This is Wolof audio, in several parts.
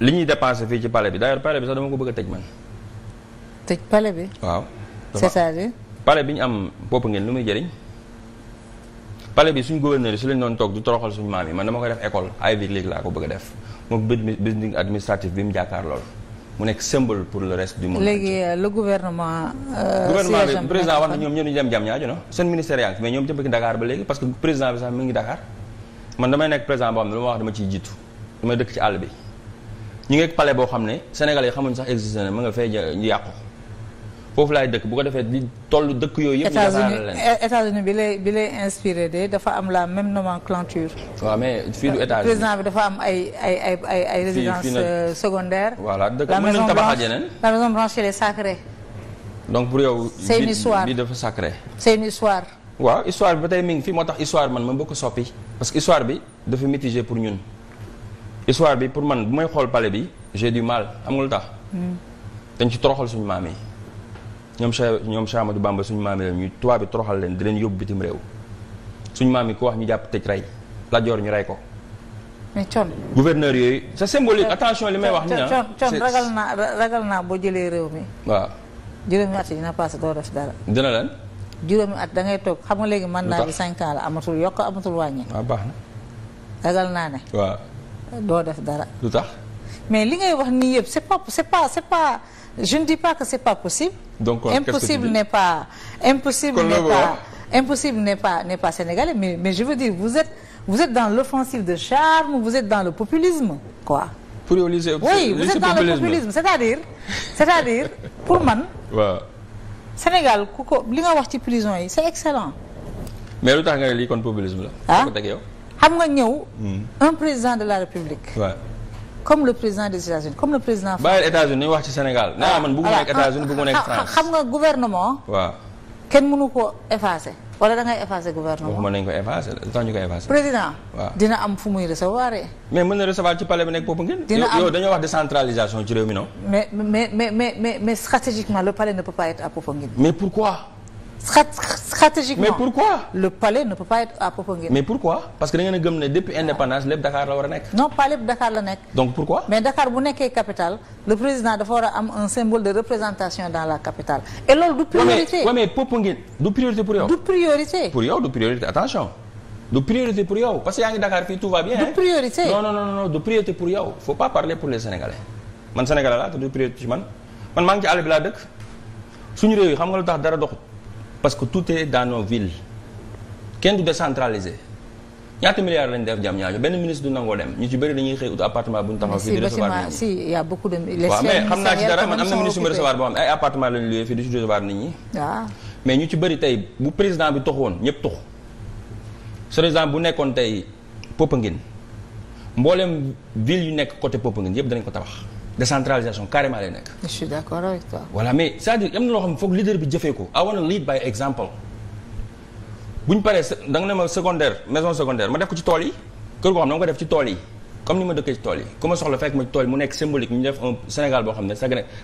li ñuy dépensé fii ci pale bi d'ailleurs palais bi sax dama ko bëgg a tëj man. tëj palais bi. waaw. c'est-à-dire. bi ñu am bopp ngeen lu muy jëriñ. palais bi suñ gouverneur yi su leen doon toog du toroxal suñu maam yi man dama ko def école Ivy League laa ko bëgg a def moom building administratif bi mu jàkkaar lool mu nekk symbole pour le reste du monde. léegi euh, le gouvernement. Euh, gouvernement bi président wax na ñoom ñoo ñu dem jàmm ñaajo seen ministère yaa ngi mais ñoom ca bëgg Dakar que président bi sax mi ngi ne lu ciy jiitu damay dëkk ci àll bi. ñu ngi ak boo xam ne sénégal yi xamuñ sax existé na ma nga fay yàqu foofu laay dëkk bu ko defee toll dëkk yooyu yëpp bi bi lay inspiré de dafa am la même nomenclature waaw mais fii du euh, bi dafa am ay ay ay ay ay résidence euh, secondaire voilà dëkk mën nañ tabaxal yeneen la maison blanche elle est donc pour yow c'est une histoire bi dafa waaw histoire bi ba tey mi ngi fii moo tax histoire man ma bëgg ko soppi parce que histoire bi dafa mitigé pour ñun histoire bi pour man bu may xool palais bi j'ai du mal am nga lu tax. Hmm. dañ ci toroxal suñu maam yi ñoom Cheikh ñoom Cheikh Amadou Bamba suñu maam yi la ñuy toroxal leen di leen yóbbu bitim réew suñu maam yi ku wax ñu jàpp tëj rey Lat ñu rey ko. mais con gouverneur yooyu c'est symbolique attention li may wax. ni ah con ragal naa ragal naa boo jëlee réew mi. waaw juróomi at yi dina passé doo def dara. dina lan. juróomi at da ngay toog xam nga léegi mandat bi 5 ans a amatul yokk amatul wàññi. waaw ah, baax na. ragal naa ne. doo def dara. lu tax. mais li ngay wax nii yëpp c'est pas c'est pas c'est pas je ne dis pas que c'est pas possible. donc impossible n'est pas impossible n'est pas impossible n'est mais mais je veux dire vous êtes vous êtes dans l'offensive de charme vous êtes dans le populisme quoi. pour yow l c'est oui vous êtes dans le populisme c'est-à-dire c'est-à-dire man. waaw. Sénégal ko li nga wax ci prison yi c'est excellent. mais lu tax nga ne lii kon populisme la. ah ko teg yow. xam nga ñëw. Hmm. un président de la république. Ouais. comme le président des États-Unis comme le président. bàyyi États-Unis wax ci Sénégal nee man bëgguma nekk États-Unis bëgguma nekk France. xam nga gouvernement. waaw kenn mënu ko effacer. wala da ngay gouvernement waxuma ko effacer lu tax ñu koy effacer. président dina am fu muy recevoir. mais mën na recevoir ci palais bi nekk boobu ngeen. dina am yow wax décentralisation ci réew mais mais stratégiquement mais pourquoi. le palais ne peut pas être à Popenguine. mais pourquoi parce que da ngeen a gëm ne depuis indépendance lépp Dakar la war a nekk. non pas lépp Dakar la nekk. donc pourquoi. mais Dakar bu nekkee capitale le président dafa war a am un symbole de représentation dans la capitale. et loolu du priorité du priorité pour yow. du priorité attention. du priorité pour yow parce que yaa ngi Dakar fii tout va bien. du priorité non non non du priorité pour yow. laa te du priorité ci yi xam nga lu tax dara doxut. parce que tout est dans nos villes kenn du décentralisé ñaata milliards lañ def jam ñaajo benn ministre du nangoo dem ñu ci bëri dañuy xëy ut appartement bu taxaw fii di recevoir nit ñi mais naa am na ministre bu recevoir boo mais ñu ci bëri tey bu président bi toxoon ñëpp tox par exemple bu nekkoon tey Popenguine mboolem ville yu nekk côté Popenguine yëpp dañ ko tabax décentralisation carrément lay nekk. je suis d'accord avec toi. voilà mais cest dire am na loo xam foog leader bi jëfee ko. I want to lead by example. bu ñu paree da nga ne ma secondaire maison secondaire ma def ko ci tool yi kër goo xam ne ma ko def ci tool yi comme ni ma dëkkee ci tool yi ku ma soxla fekk ma ci tool yi mu nekk symbolique ñu def un Sénégal boo xam ne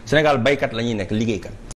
Sénégal baykat la ñuy nekk liggéeykat.